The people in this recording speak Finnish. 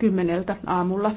kymmeneltä aamulla.